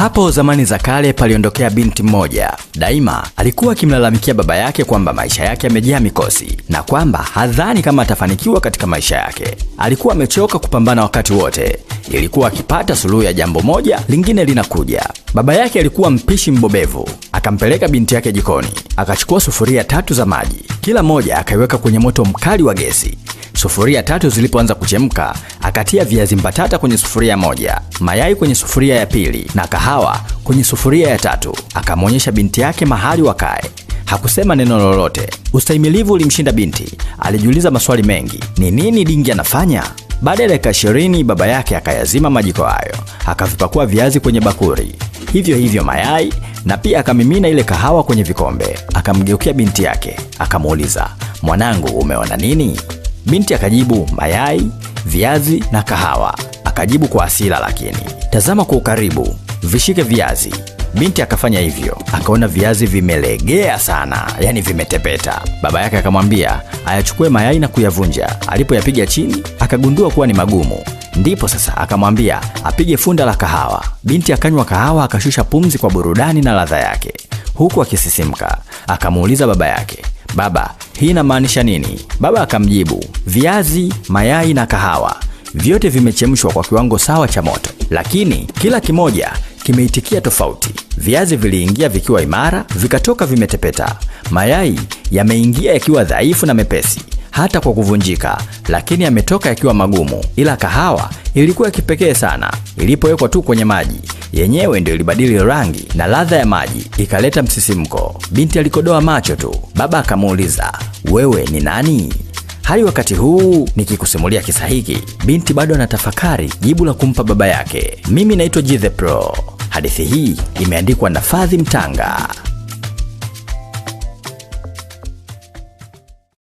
Hapo zamani za kale paliondokea binti mmoja, daima alikuwa akimlalamikia baba yake kwamba maisha yake yamejaa mikosi na kwamba hadhani kama atafanikiwa katika maisha yake. Alikuwa amechoka kupambana wakati wote, ilikuwa akipata suluhu ya jambo moja lingine linakuja. Baba yake alikuwa mpishi mbobevu, akampeleka binti yake jikoni, akachukua sufuria tatu za maji, kila moja akaiweka kwenye moto mkali wa gesi. Sufuria tatu zilipoanza kuchemka, akatia viazi mbatata kwenye sufuria moja, mayai kwenye sufuria ya pili na kahawa kwenye sufuria ya tatu. Akamwonyesha binti yake mahali wakae. Hakusema neno lolote. Ustahimilivu ulimshinda binti. Alijiuliza maswali mengi, ni nini Dingi anafanya? Baada ya dakika ishirini baba yake akayazima majiko hayo, akavipakua viazi kwenye bakuri, hivyo hivyo mayai na pia akamimina ile kahawa kwenye vikombe. Akamgeukia binti yake akamuuliza, mwanangu, umeona nini? Binti akajibu mayai, viazi na kahawa. Akajibu kwa asila, lakini tazama kwa ukaribu, vishike viazi. Binti akafanya hivyo, akaona viazi vimelegea sana, yani vimetepeta. Baba yake akamwambia ayachukue mayai na kuyavunja. Alipoyapiga chini, akagundua kuwa ni magumu. Ndipo sasa akamwambia apige funda la kahawa. Binti akanywa kahawa, akashusha pumzi kwa burudani na ladha yake, huku akisisimka. Akamuuliza baba yake, Baba, hii inamaanisha nini? Baba akamjibu, viazi, mayai na kahawa vyote vimechemshwa kwa kiwango sawa cha moto, lakini kila kimoja kimeitikia tofauti. Viazi viliingia vikiwa imara, vikatoka vimetepeta. Mayai yameingia yakiwa dhaifu na mepesi, hata kwa kuvunjika, lakini ametoka yakiwa magumu, ila kahawa ilikuwa ya kipekee sana. Ilipowekwa tu kwenye maji, yenyewe ndio ilibadili rangi na ladha ya maji, ikaleta msisimko. Binti alikodoa macho tu, baba akamuuliza, wewe ni nani? Hadi wakati huu nikikusimulia kisa hiki, binti bado anatafakari jibu la kumpa baba yake. Mimi naitwa G the Pro. Hadithi hii imeandikwa na Fadhi Mtanga.